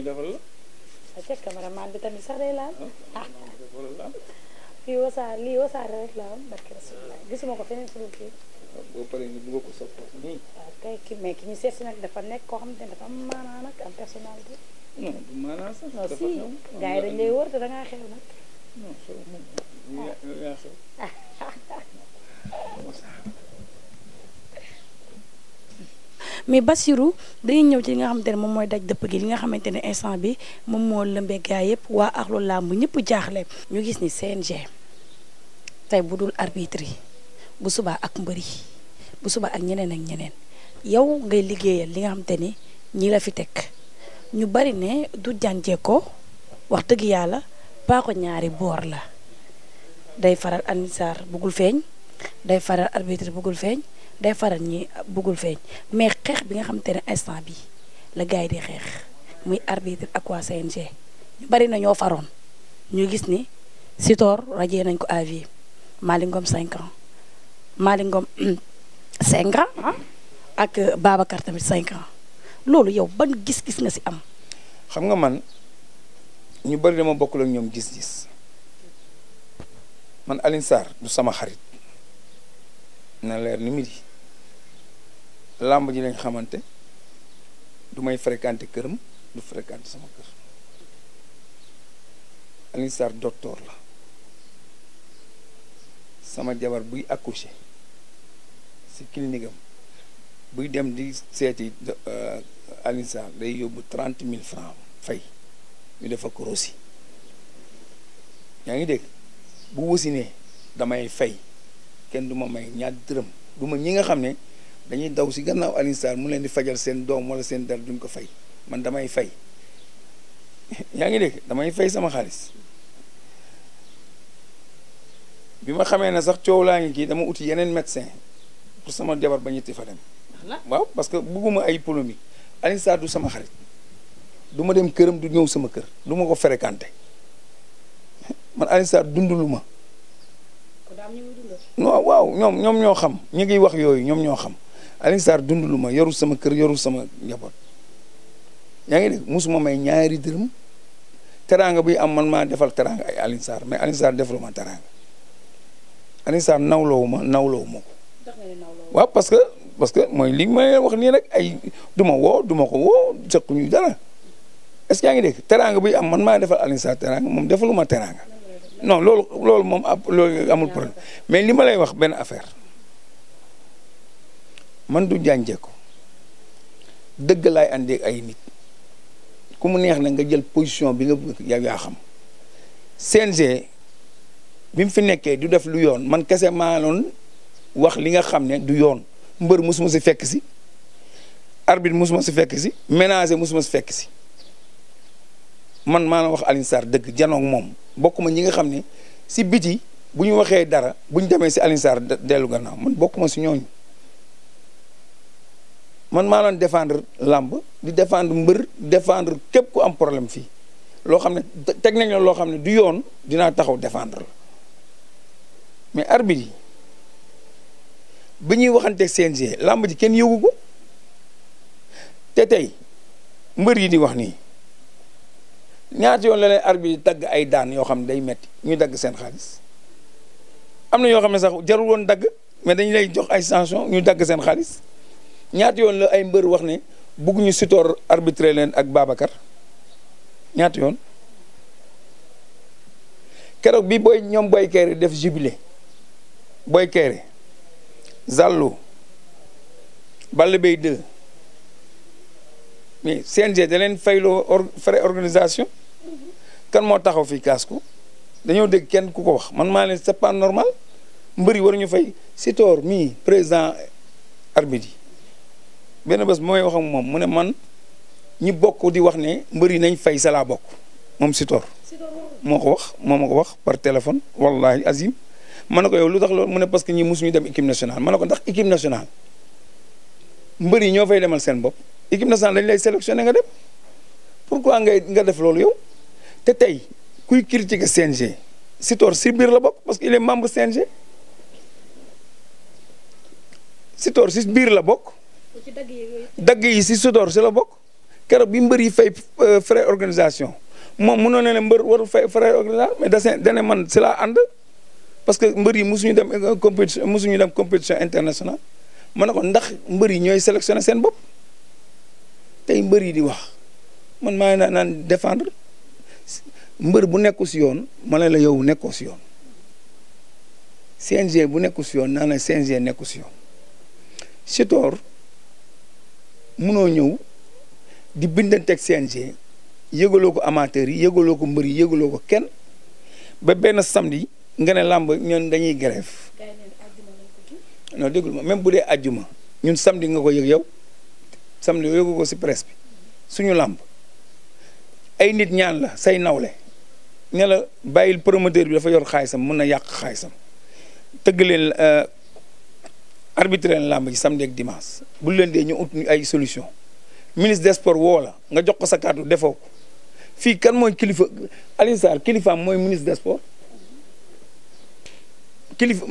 ñu defal la. ah ca cameraman bi tamit sax day laal. ah fii wasaare lii wasaare rek la am barke rasulullah gisuma ko feneen fudul kii. waaw boo ki mais ki ñu seet si nag dafa nekk koo xam ne dafa am maanaa nag am personnalité. non dañ lay wër te da ngaa xew nag. mais Bassirou dañuy ñëw ci li nga xamante ne moom mooy daj dëpp gi li nga xamante ne instant bi moom moo lëmbee gaay yëpp waa ak axlu làmb ñëpp jaaxle ñu gis ni CNG tey bu dul arbitre yi bu subaa ak mbër yi bu subaa ak ñeneen ak ñeneen yow ngay liggéeyal li nga xamante ni ñi la fi teg ñu bari ne du jànjee ko wax dëgg yàlla paa ko ñaari boor la day faral annisaar bëggul feeñ day faral arbitre bëggul feeñ de faral ñi bëggul feeñ mais xeex bi nga xam te ne instant bi la gars yi xeex muy arbitre ak waa CNG ñu bari nañoo faroon ñu gis ni Sitor radié nañ ko à vie Malick Ngom 5 ans Malick ah? ak euh, Babacar tamit cinq ans loolu yow ba gis-gis nga ci am. xam nga man ñu bari dama bokkul ak ñoom gis-gis man Alioune du sama xarit na leer ni midi. làmb ji lañ xamante dumay may këram du fréquenté sama kër Alioune doctor la sama jabar buy accoucher si clinique buy dem di seeti euh, Alioune Sarr day yóbbu trente mille francs fay ñu defa ko rosi yaa ngi dégg bu wasinee damay fay kenn du ma may ñaar dërëm du ma ñi nga xam ne dañuy daw si gannaaw Alioune Sarr mu leen di fajal seen doom wala seen dara duñ ko fay man damay fay yaa ngi dégg damay fay sama xaalis bi ma xamee ne sax coow laa ngi kii dama uti yeneen médecin pour sama jabar ba ñetti fa dem. waaw parce que bugguma ay polémique Alioune du sama xarit duma dem këram du ñëw sama kër du ma ko fréquenté man Alioune Sarr dundulu ma. waaw ñoom ñoom ñoo xam ñu ngi wax yooyu ñoom ñoo xam. Alioune Sarr dund lu ma yoru sama kër yoru sama njaboot yaa ngi dégg musuma may ñaari dërëm teraanga buy am man maa defal teraanga ay Alioune mais Alioune Sarr defaluma ma teraanga ma nawloowu ma ko. parce que parce que mooy li may wax nii rek ay du ma woo duma ma ko woo sequñu dara est-ce que yaa ngi dégg teraanga buy am man maa defal Alioune Sarr moom moom ma teraanga non lool loolu moom loolu amul problème mais li ma lay wax benn affaire. man du jànje ko dëgg laay àndeeg ay nit ku mu neex na nga jël position bi nga bëgg yaa xam CNG bi mu fi nekkee du def lu yoon man kese maa doon wax li nga xam ne du yoon mbër musuma si fekk si arbitre musuma si fekk si ménager musuma si fekk si man maa la wax Alioune dëgg janoog moom bokkuma ñi nga xam ne si biti bu ñu waxee dara bu ñu demee si Alioune Sarr dellu gannaaw man bokkuma si ñooñu man maa doon défendre làmb di défendre mbër défendre képp ku am problème fii loo xam ne teg nañ la loo xam ne du yoon dinaa taxaw défendre la mais arbitre yi bi ñuy waxanteeg CNG làmb ji kenn yëgu ko te tey mbër yi di wax nii ñaata yoon la leen arbitre yi dagg ay daan yoo xam ne day metti ñu dagg seen xaalis am na yoo xam ne sax jarul woon dagg mais dañu lay jox ay sanction ñu dagg seen xaalis ñaata yoon la ay mbër wax ne bëgguñu Sitor arbitré leen ak Babacar ñaata yoon keroog bi booy ñoom Boy def jubilé Boy Kéré Zallo Balla Beye 2 mais CNG da leen fayloo or frais organisation kan moo taxaw fii kaas ko dañoo dégg kenn ku ko wax man maa ne c'est pas normal mbër yi waruñu fay Sitor mii président arbitre yi benn bés mooy wax moom mu ne man ñi bokk di wax ne mbëri nañ fay sa laa bokk moom Sitor moo ko wax moo ma ko wax par téléphone wallahi azim ma ne ko yow lu tax loolu mu ne parce que ñi mosuñu dem équipe nationale ma ne ko ndax équipe nationale mbër yi ñoo fay demal seen bopp équipe nationale dañ lay sélectionné nga dem pourquoi ngay nga def loolu yow te tey kuy critiquer CNG Sitor si biir la bokk parce que il est membre CNG Sitor si biir la bokk dagg yi si sudoor si la bokk keroog bi mbër yi fay euh, frais organisation moom mënoon na ne mbër warul fay frais organisation mais da seen man si laa ànd parce que mbër yi mosuñu dem euh, compétition mosuñu dem compétition internationale ma ne ko ndax mbër yi ñooy sélectionné seen bopp tey mbër yi di wax man maa ngi naan defendre mbër bu nekku si yoon ma ne la yow nekkoo si yoon CNG bu nekku si yoon naa ne CNG nekku si yoon Sitor munoo ñëw di bindanteeg CNG yëgaloo ko amateurs yi yëgaloo ko mbër yi yëgaloo ko kenn ba benn samedi nga ne làmb ñoom dañuy grève noo déggul ma même bu dee àjjuma ñun samedi nga ko yëg yow samedi yëgu ko si presse bi suñu làmb ay nit ñaan la say nawle ne la bàyyil promoteur bi dafa yor xaalisam mun na yàq xaalisam tëgg leen euh, arbitré leen làmb ji samedi ak dimanche bu leen dee ñu ut ñu ay solution ministre des sports woo la nga jox ko sa kàddu defoo ko fii kan mooy kilifa Alioune Sarr kilifaam mooy ministre des sports kilifa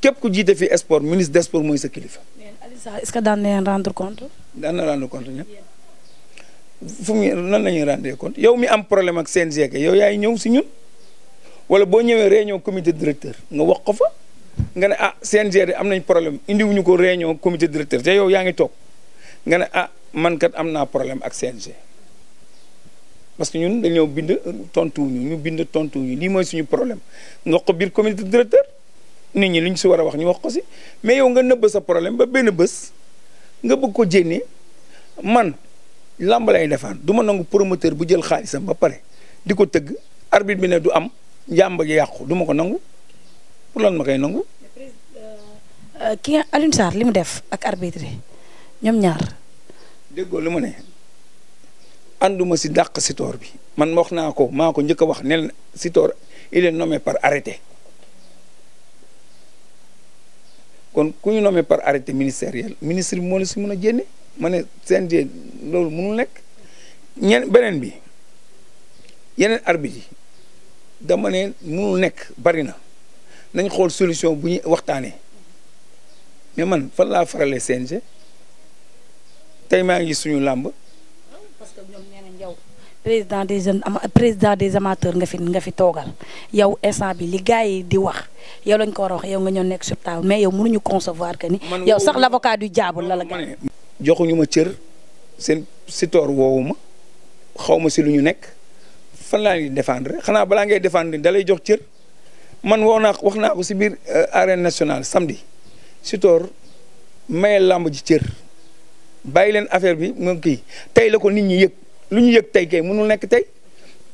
képp ku jiite fii sport ministre des sports mooy sa kilifa. Alioune Sarr est-ce que daan na leen rendre compte. daan nan la ñuy rendre yow mi am problème ak CNG yow yaay ñëw si ñun wala boo ñëwee réunion comité directeur nga wax ko fa. nga ne ah CNG de am nañ problème indiwuñu ko réunion comité directeur te yow yaa ngi toog nga ne ah man kat am naa problème ak CNG parce que ñun dañoo bind tontuwuñu ñu bind tontuwuñu lii mooy suñu problème nga wax ko biir comité directeur nit ñi li ñu si war a wax ñu wax ko si mais yow nga nëbb sa problème ba benn bës nga bëgg ko jénnee man làmb lay defaan du ma nangu promoteur bu jël xaalisam ba pare di ko tëgg arbit bi ne du am njàmb gi yàqu duma ma ko nangu pour lan ma koy nangu. Euh, ki nga li mu def ak arbitre ñoom ñaar. déggoo lu ma ne ànduma si dàq si toor bi man wax naa ko maa ko njëkk a wax ne si toor il est nommé par arrêté kon ku ñu nommé par arrêté ministériel ministre bi moo la si mun a jénne ma ne CNG loolu mënul nekk ñen beneen bi yeneen arbitre yi dama ne mënul nekk bari na. nañ xool solution bu ñu waxtaanee mais man fan laa farale CNG tey maa ngi suñu làmb. parce que ñoom président des jeunes ama président des amateurs nga fi nga fi toogal yow instant bi li gars yi di wax yow lañ ko war a wax yow nga ñoo nekk sur table mais yow mënuñu concevoir que ni. yow sax l' avocat du diable la la joxuñu ma cër seen si toor woowu xaw ma si lu ñu nekk fan laa ñuy défendre xanaa balaa ngay défendre dalay jox cër. man woo naa wax naa ko si biir euh, arène nationale samedi Sitor maye làmb ji cër bàyyi leen affaire bi moom kii tey la ko nit ñi yëg lu ñu yëg tey kay mënul nekk tey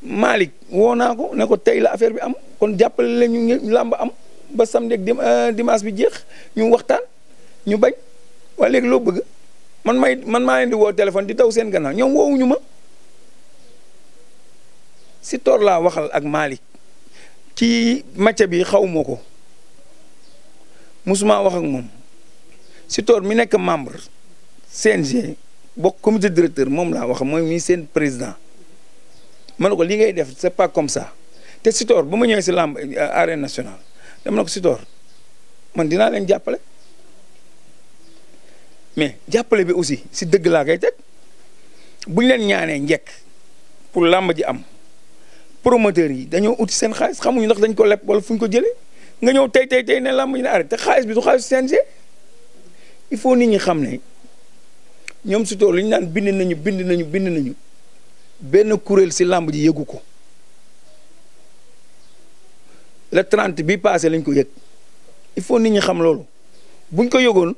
Malick woo naa ko ne ko tey la affaire bi am kon jàppale leen ñu làmb am ba samedi ak euh, dimanche bi jeex ñu waxtaan ñu bañ waaye léegi loo bëgg man may man maa leen di woo téléphone di daw seen gannaaw ñoom woowuñu ma Sitor laa waxal ak Malick ci macca bi xawma ko musuma wax ak moom Sitor mi nekk membre CNG bokk comité directeur moom la wax mooy mi seen président ma ne ko li ngay def c'est pas comme ça te Sitor ba ma ñëwee si lamb euh, arène national dama ne ko Sitor man dinaa leen jàppale mais jàppale bi aussi si dëgg laa koy teg buñ leen ñaanee njekk pour làmb ji am promoteurs yi dañoo uti seen xaalis xamuñu ndax dañ ko leb wala fu ñu ko jëlee nga ñëw tey tey tey ne làmb na ne te xaalis bi du xaalis CNG il faut nit ñi xam ne ñoom surtout lu ñu naan bind nañu bind nañu bind nañu benn kuréel si làmb ji yëgu ko le 30 bi passé lañ ko yëg il faut nit ñi xam loolu buñ ko yëgoon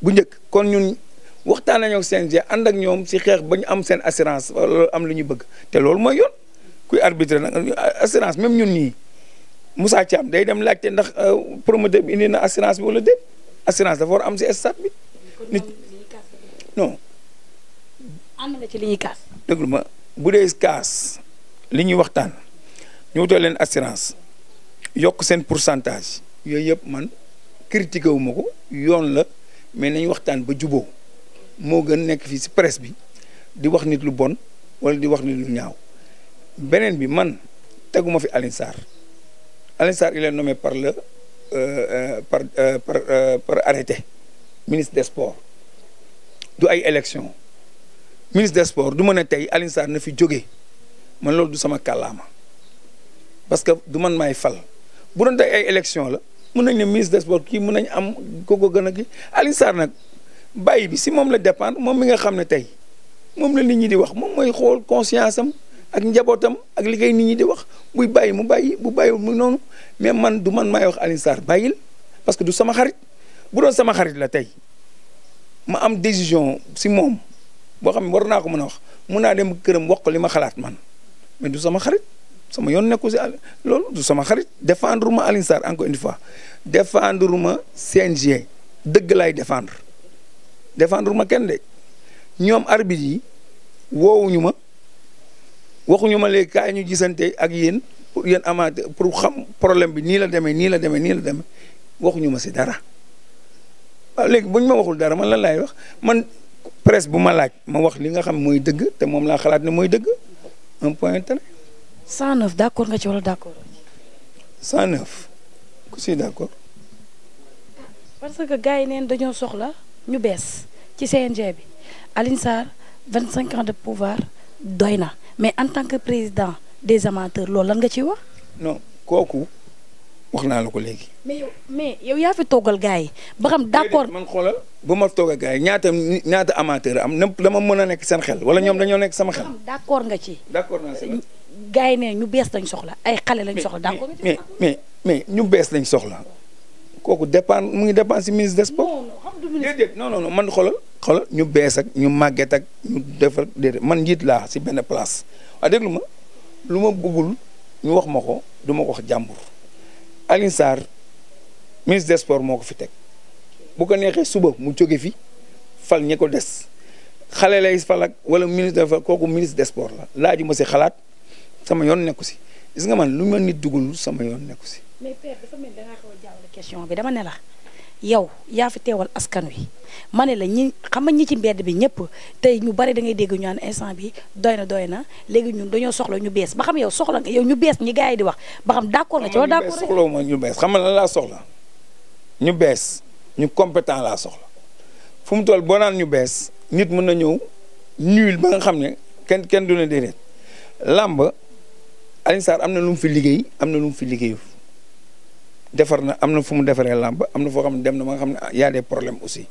bu njëkk kon ñun waxtaan nañoo ak CNG ànd ak ñoom si xeex ba ñu am seen assurance wala am lu ñu bëgg te loolu mooy yoon. kuy arbitre nag assurance même ñun nii Moussa Thiam day dem laajte ndax euh, promoteur bi indi na assurance bi wala déet assurance dafa war am si stade bi. nit non. ci li déglu ma bu dee kaas li ñuy waxtaan ñu wutal leen assurance yokk seen pourcentage yooyu yëpp man critiqué wu ma ko yoon la mais nañu waxtaan ba juboo moo gën nekk fii si presse bi di wax nit lu bon wala di wax nit lu ñaaw. beneen bi man teguma fi Alioune Sarr Alioune Sarr il est par le euh, euh, par euh, par par arrêté ministre de sports du ay élection ministre de sports du mën a tey Alioune na fi jóge man loolu du sama kàllaama parce que du man maay fal bu doon tey ay élection la mun nañ ne ministre de sport kii mun nañ am koko gën a kii Alioune Sarr nag bàyyi bi si moom la dépendre moom mi nga xam ne tey moom la nit ñi di wax moom mooy xool conscience am ak njabootam ak li kay nit ñi di wax buy bàyyi mu bàyyi bu bàyyiwul mu noonu mais man du man maay wax Alioune Sarr parce que du sama xarit bu doon sama xarit la tey ma am décision si moom boo xam ne war naa ko mën a wax mun naa dem këram wax ko li ma xalaat man mais du sama xarit sama yoon nekku si loolu du sama xarit défendre ma Alioune Sarr encore une fois défendre ma CNG dëgg laay défendre défendre ma kenn de ñoom arbitre yi woowuñu ma. waxuñu ma léegi kaay ñu gisante ak yéen pour yéen amaate pour xam problème bi nii la demee nii la demee nii la waxuñu ma si dara waaw léegi buñ ma waxul dara man lan laay wax man presse bu ma laaj ma wax li nga xam mooy dëgg te moom laa xalaat ne mooy dëgg un point intérêt. 109 d'accord nga ci wala d'accord. 109 ku si d'accord. parce que gars yi neen dañoo soxla ñu bees ci CNG bi Alioune Sarr 25 ans de pouvoir. doy na mais en tant que président des amateurs loolu lan nga ciy wax. no kooku wax naa la ko léegi. mais yow mais yow yaa fi toogal gars yi ba xam d' accord. man xoolal ba ma toogal gars yi ñaata ñaata amateur am na dama mën a nekk seen xel wala ñoom dañoo nekk sama xel. d' accord nga ci. d' accord naa si yi ne ñu bees lañ soxla ay xale lañ soxla. d' accord mais mais mais ñu bees lañ soxla kooku dépend mu ngi dépend si ministre des déedéet non man xoolal xoolal ñu bees ak ñu màgget ak ñu defar déedéet man njiit laa si benn place waaye déglu ma lu ma bëggul ñu wax ma ko du ma ko wax jàmbur Alioune Sarr ministre des sports moo ko fi teg bu ko neexee suba mu jóge fi fal ñi ko des xale lay fal ak wala ministre des kooku ministre des sports la laaju ma si xalaat sama yoon nekku si gis nga man lu ma nit dugul sama yoon nekku si. bi dama ne la. yow yaa fi teewal askan wi ma ne la ñi xam nga ñi ci mbedd bi ñëpp tey ñu bari da ngay dégg ñu naan instant bi doy na doy na léegi ñun dañoo soxla ñu bees ba xam yow soxla nga yow ñu bees ñi gars di wax ba xam d'accord nga ci loolu d'accord soxla ma ñu xam nga lan laa bees ñu compétent laa soxla fu mu toll boo naan ñu bees nit mën na ñëw nul ba nga xam ne kenn kenn du ne déedéet làmb Alioune am na lu mu fi liggéey am na lu mu fi liggéeyu defar na am na fu mu defaree làmb am na foo xam ne dem na ma nga xam ne ah, y a des problèmes aussi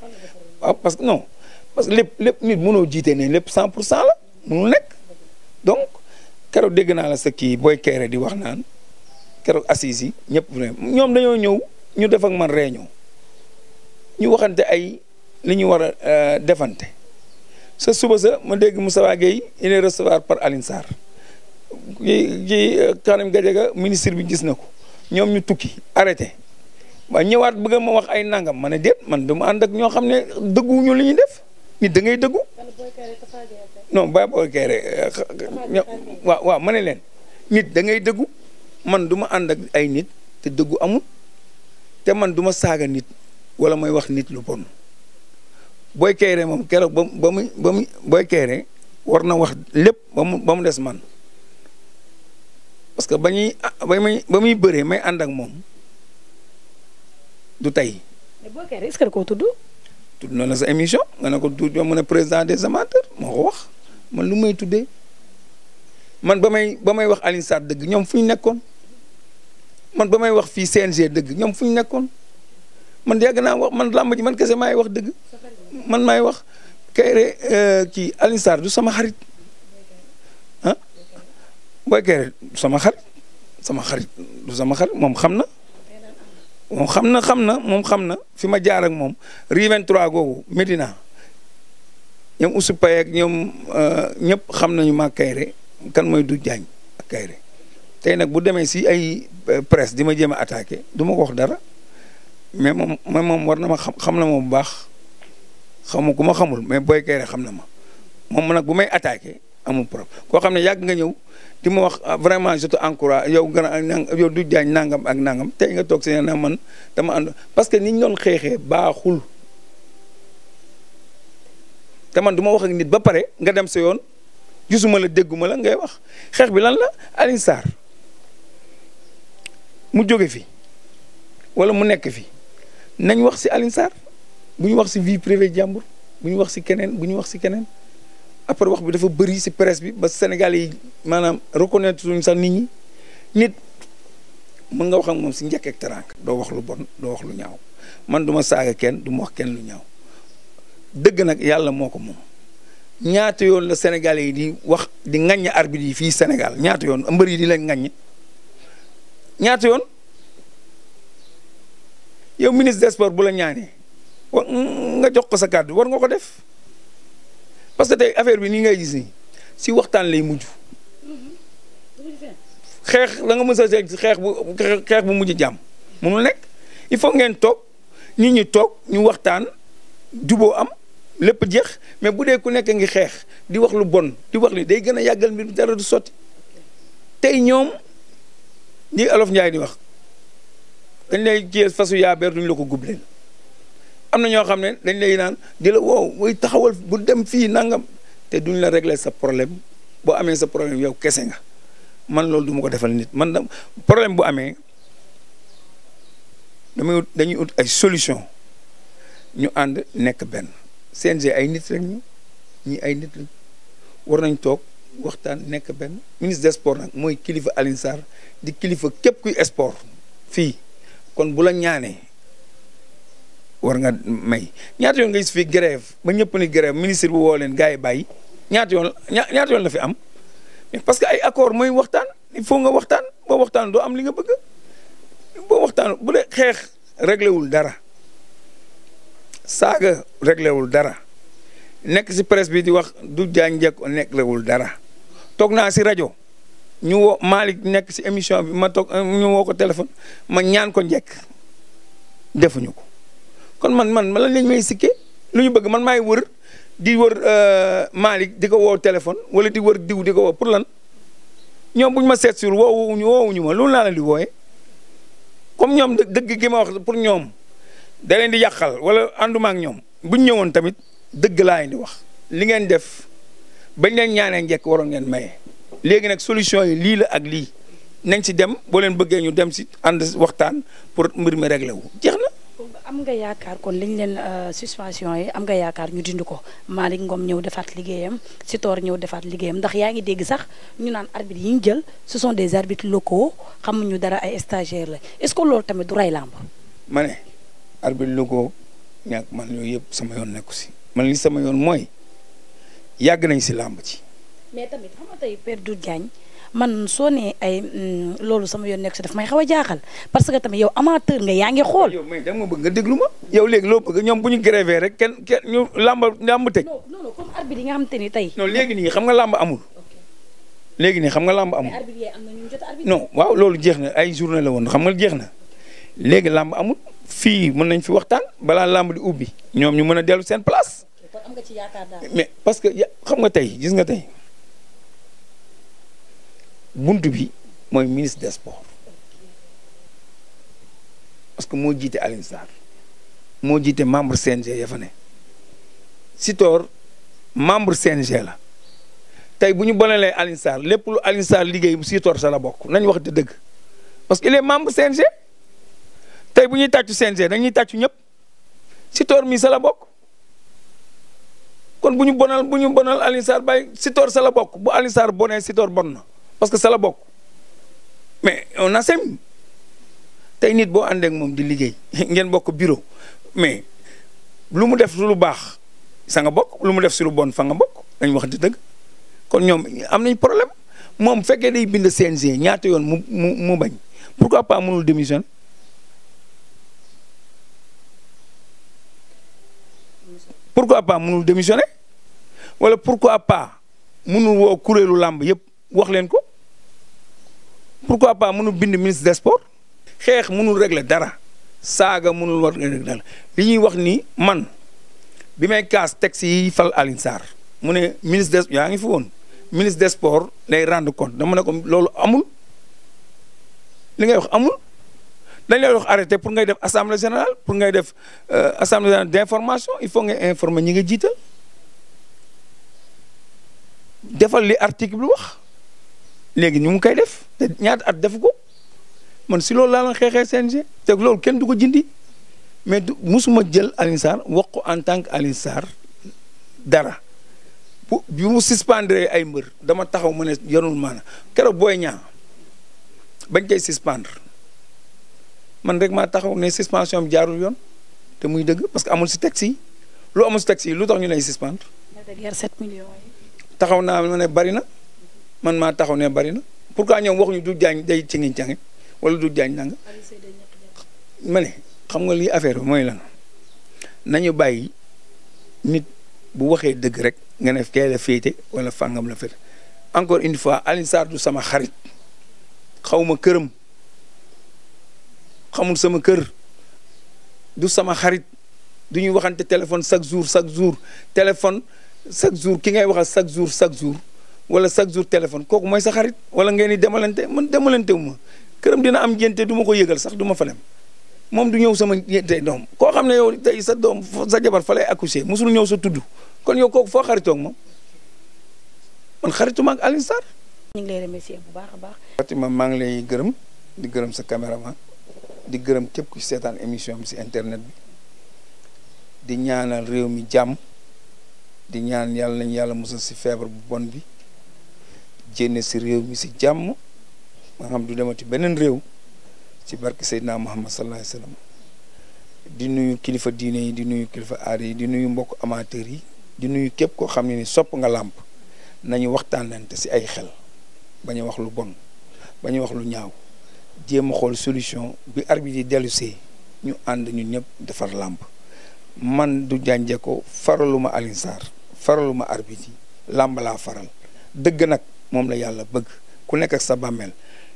waaw ah, parce que non parce que lépp lépp nit mënoo jiitee ne lépp 100 pour cent la mënul nekk donc keroog dégg naa la sa kii booy keere di wax naan keroog assises yi ñëpp ñoom dañoo ñëw ñu def ak man réunion ñu waxante ay li ñu war a euh, defante sa suba sa ma dégg Moustapha Gueye il est recevoir par Aline Sarr ci ci kanam Gadiaga ministre bi gis na ko ñoom ñu tukki arrêté ba ñëwaat bëgg ma wax ay nangam ma ne déet man dama ànd ak ñoo xam ne dëgguwuñu li ñuy def nit da ngay dëggu. non ba booy eh, waaw waaw ma ne leen nit da ngay dëggu man duma ma ànd ak ay nit te dëggu amul te man duma ma saaga nit wala may wax nit lu bon booy kere moom keroog ba mu ba mu booy kere war na wax lépp ba mu ba mu des man. parce que ba ñuy ba muy ba muy bëree may ànd ak moom du tey. mais Bocar est-ce tudd. tudd na la sa émission nga ne ko tudd mu ne président des amateurs moo wax man lu may tuddee man ba may ba may wax Alioune dëgg ñoom fu ñu nekkoon man ba may wax fii CNG dëgg ñoom fu ñu nekkoon man yàgg naa wax man làmb ji man kese maay wax dëgg man maay wax kayre ci euh, Alioune du sama xarit. Boy Kaïré sama xarit sama xarit du sama xarit moom xam na moom xam na xam na moom xam na fi ma jaar ak moom Rue 23 googu Medina ñoom Ousseyn Paye ak ñoom euh, ñëpp xam nañu ma Kaïré kan mooy du jaañ ak Kaïré tey nag bu demee si ay euh, presse di ma jéem a attaqué du ma wax dara mais moom mais moom war na ma xam xam na moom bu baax xamu ku ma xamul mais Boy Kaïré xam na ma moom nag bu may attaqué. amul problème koo xam ne yàgg nga ñëw di ma wax ah, vraiment je te encourage yow gën a nang du jaañ nangam ak nangam tey nga toog seen na man dama ànd parce que ni ñu xeexee baaxul te man du wax ak nit ba pare nga dem sa yoon gisuma la dégguma la ngay wax xeex bi lan la Alioune Sarr mu jóge fi wala mu nekk fi nañ wax si Alioune bu ñu wax si vie privée jàmbur bu ñu wax si keneen bu ñu wax si keneen. après wax bi dafa bëri si presse bi ba Sénégal yi maanaam reconnaître suñu sax nit ñi nit mën nga wax moom si njëkk ak doo wax lu bon doo wax lu ñaaw man du ma saaga kenn du ma wax kenn lu ñaaw dëgg nag yàlla moo ko moom ñaata yoon la Sénégal yi di wax di ŋaññi arbitre yi fii Sénégal ñaata yoon mbër yi di leen ŋaññi ñaata yoon yow ministre des bu la ñaanee nga jox ko sa kàddu war nga ko def. parce que tey affaire bi nii ngay gis nii si waxtaan lay mujj xeex la nga mës a seeg xeex bu xeex bu mujj jàmm mënul nekk il faut ngeen toog ñu ñi toog ñu waxtaan juboo am lépp jeex mais bu dee ku nekk ngi xeex di wax lu bon di wax li day gën a yàggal mbir mi dara du sotti tey ñoom ni alof Ndiaye di wax dañ lay jiyee fasu yaabeer duñ la ko gubleen am na ñoo xam ne dañ lay naan di la woow muy taxawal bu dem fii nangam te duñ la régler sa problème boo amee sa problème yow kese nga man loolu duma ko defal nit man da problème bu amee damay ut dañuy ut ay solution ñu ànd nekk benn CNG ay nit rek ñu ñi ay nit war nañ toog waxtaan nekk benn ministre de sports nag mooy kilifa Alioune di kilifa képp kuy sport fii kon bu la ñaanee war nga may ñaata yoon nga gis fi grève ba ñëpp ni grève ministre bu woo leen gaa yi bàyyi ñaata yoon ñaata yoon la fi am parce que ay accord mooy waxtaan il faut nga waxtaan boo waxtaan doo am li nga bëgg boo waxtaan bu dee xeex réglé wul dara saaga réglé wul dara nekk si presse bi di wax du jaanjek nekk lewul dara toog naa si rajo ñu woo Malick nekk si émission bi ma toog ñu woo ko téléphone ma ñaan ko njekk defuñu ko kon man man lan lañ may sikke lu ñu bëgg man maay wër di wër euh, Malick di ko woo téléphone wala di wër diw di ko woo pour lan ñoom buñ ma seet woo woowuñu woowuñu ma loolu laa la di wooye comme ñoom dëgg gi ma wax pour ñoom daleen di yàqal wala ànduma ak ñoom buñ ñëwoon tamit dëgg laay di wax li ngeen def bañ leen ñaanee njekk waroon ngeen maye léegi nag solution yi lii la ak lii nañ si dem boo leen bëggee ñu dem si ànd waxtaan pour mbir mi réglé wu am nga yaakaar kon liñ leen euh, suspension yi am nga yaakaar ñu dindi ko Malick Ngom ñëw defaat liggéeyam Sitor ñëw defaat liggéeyam ndax yaa ngi dégg sax ñu naan arbitres yi ñu jël ce sont des arbitres locaux ñu dara ay stagiaires la est-ce que loolu tamit du ray làmb ma ne arbitre locaux ñaak man yooyu yëpp sama yoon nekku si man li sama yoon mooy yàgg nañ si làmb ci mais tamit xam nga tey Père Doudou man soo nee ay mm, loolu sama yoon nekk si daf may xaw a jaaxal parce que tamit yow amateur nga yaa ngi xool. yow mais dama bëgg nga déglu ma. yow léegi loo bëgg ñoom bu ñu grévé rek kenn kenn ñu làmb làmb yi nga xam te ni tey. non léegi nii xam nga làmb nii xam nga làmb amul. non waaw loolu jeex na ay journée la woon xam nga jeex na léegi làmb amul fii mën nañ fi waxtaan balaa làmb di ubbi ñoom ñu mën a dellu seen place. mais parce que xam nga tey gis nga tey bunt bi mooy ministre des sports parce que moo jiite Alioune moo jiite membre CNG ya fa ne Sitor membre CNG la tey bu ñu bonalee Alioune Sarr lépp lu Alioune liggéey bu Sitor sa la bokk nañ wax de dëgg parce que il est membre CNG tey bu ñuy tàccu CNG dañuy tàccu ñëpp Sitor mii sa la bokk kon bu ñu bonal bu ñu bonal Alioune Sarr bàyyi Sitor sa la bokk bu Alioune Sarr bonee Sitor bon na parce que sa la bokk mais on a sem tey nit boo àndeek moom di liggéey ngeen bokk bureau mais lu mu def lu baax sa nga bokk lu mu def si lu bon fa nga bokk dañ wax di dëgg kon ñoom am nañ problème moom fekkee day bind CNG ñaata yoon mu mu mu bañ pourquoi pas mënul démission pourquoi pas mënul démissionner wala pourquoi pas mënul woo kuréelu làmb yëpp wax leen ko pourquoi pas mënu bind ministre des sports xeex mënul régler dara saaga mënul war dara li ñuy wax ni man bi may kaas teg yi fal Alioune Sarr mu ne ministre des yaa ngi fi woon ministre des sports lay rendre compte dama ne ko loolu amul li ngay wax amul dañ lay wax arrêté pour ngay def assemblée générale pour ngay def euh, assemblée générale d'information il faut nga informer ñi nga jiital defal li article bi wax. léegi ñu ngi koy def ñaata at defu ko man si loolu laa doon xeexee CNG te loolu kenn du ko jindi mais du musuma jël Alioune Sarr wax en tant que Alioune Sarr dara bu bi mu suspendre ay mbër dama taxaw ma ne yorul maana keroog booy ñaa bañ koy suspendre man rek maa taxaw ne suspension bi jaarul yoon te muy dëgg parce que amul si taxi yi lu amul si taxi lu tax ñu lay suspendre. taxaw naa ma ne bari na. man maa taxaw ne bari na pourquoi ñoom waxuñu du jaañ day ci ngi jàngi wala du jaañ nanga ma ne xam nga lii affaire bi mooy lan nañu bàyyi nit bu waxee dëgg rek nga ne kee la féete wala fàngam la féete encore indi fois Alioune Sarr du sama xarit xaw ma këram xamul sama kër du sama xarit du ñuy waxante téléphone chaque jour chaque jour téléphone chaque jour ki ngay waxal chaque jour chaque jour. wala chaque jour téléphone kooku mooy sa xarit wala ngeen di demalante man demalante ma këram dina am ngénte duma ko yëgal sax du ma fa dem moom du ñëw sama ngénte doom koo xam ne yow tey sa doom sa jabar fa lay accoucher mosul ñëw sa tudd kon yow kooku foo xaritoog moom man xarituma ak Alioune Sarr. ñu ngi bu baax a baax. Fatima maa ngi lay gërëm di gërëm sa caméraman di gërëm képp ku seetaan émission bi si internet di ñaanal réew mi jàmm di ñaan yàlla nañ yàlla musal si feebar bu bon bi. si réew mi si jàmm nga xam du demati beneen réew ci barke Seydina Muhammad sallallahu di nuyu kilifa diine yi di nuyu kilifa aada di nuyu mbokk amateur yi di nuyu képp koo xam ne ni sopp nga làmp nañu waxtaanante si ay xel bañu wax lu bon bañu wax lu ñaaw jéem a xool solution bi arbitre yi dellusee ñu ànd ñun ñëpp defar làmp man du jànje ko faraluma Alioune Sarr faraluma arbitre yi làmb laa faral dëgg nag moom la yàlla bëgg ku nekk ak sa bàmmeel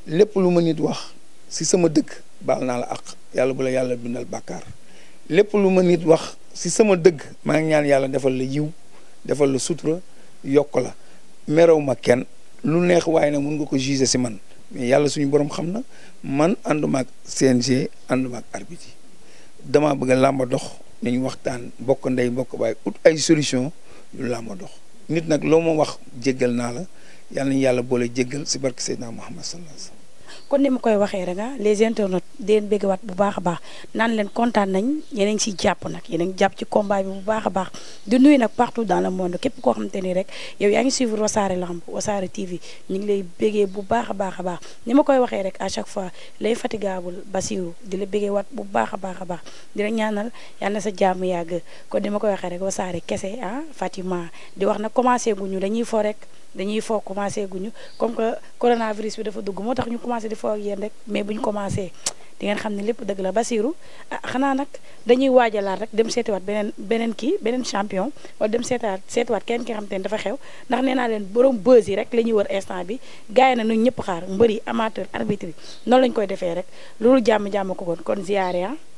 lépp lu ma nit wax si sama dëkk baal naa la àq yàlla bu la yàlla bindal bàkkaar lépp lu ma nit wax si sama dëgg maa ngi ñaan yàlla defal la yiw defal la sutura yokk la merew ma kenn lu neex waaye nag mun nga ko juger si man mais yàlla suñu borom xam na man ànduma ak CNG ànduma ak arbitre yi damaa bëgg a làmba dox nañu waxtaan bokk ndey bokk baay ut ay solution yu làmba dox nit nag loo ma wax jéggal naa la yàlla nañu yàlla boole jéggal si barke Seydina Muhammad sallallahu alayhi wasallam kon ni ma koy waxee rek ah les internautes di leen béggewaat bu baax a baax naan leen kontaan nañ yéen a ngi siy jàpp nag yéen a jàpp ci combat bu baax a baax di nuyu nag partout dans le monde képp koo xamante ni rek yow yaa ngi suivre Wassare Lamb Wassare TV ñu ngi lay béggee bu baax a baax a baax ni ma koy waxee rek à chaque fois lay fatigable Basiru di la béggewaat bu baax a baax a baax di la ñaanal yal na sa jàmm yàgg kon ni ma koy waxee rek Wassare kese ah Fatima di wax nag commencé guñu dañuy fo rek. dañuy foo commencé guñu comme que coronavirus bi dafa dugg moo tax ñu commencé di foo ak rek mais bu ñu commencé di ngeen xam ne lépp dëgg la Basiru ah xanaa nag dañuy waajalaat rek dem seetiwaat beneen beneen kii beneen champion wala dem seetaat seetiwaat kenn ki xam te ne dafa xew ndax nee naa leen borom buzz yi rek la ñuy wër instant bi gars na nu ñëpp xaar mbëri amateur arbitre yi noonu lañ koy defee rek loolu jàmm-jàmm ko kon kon ziyaare ah.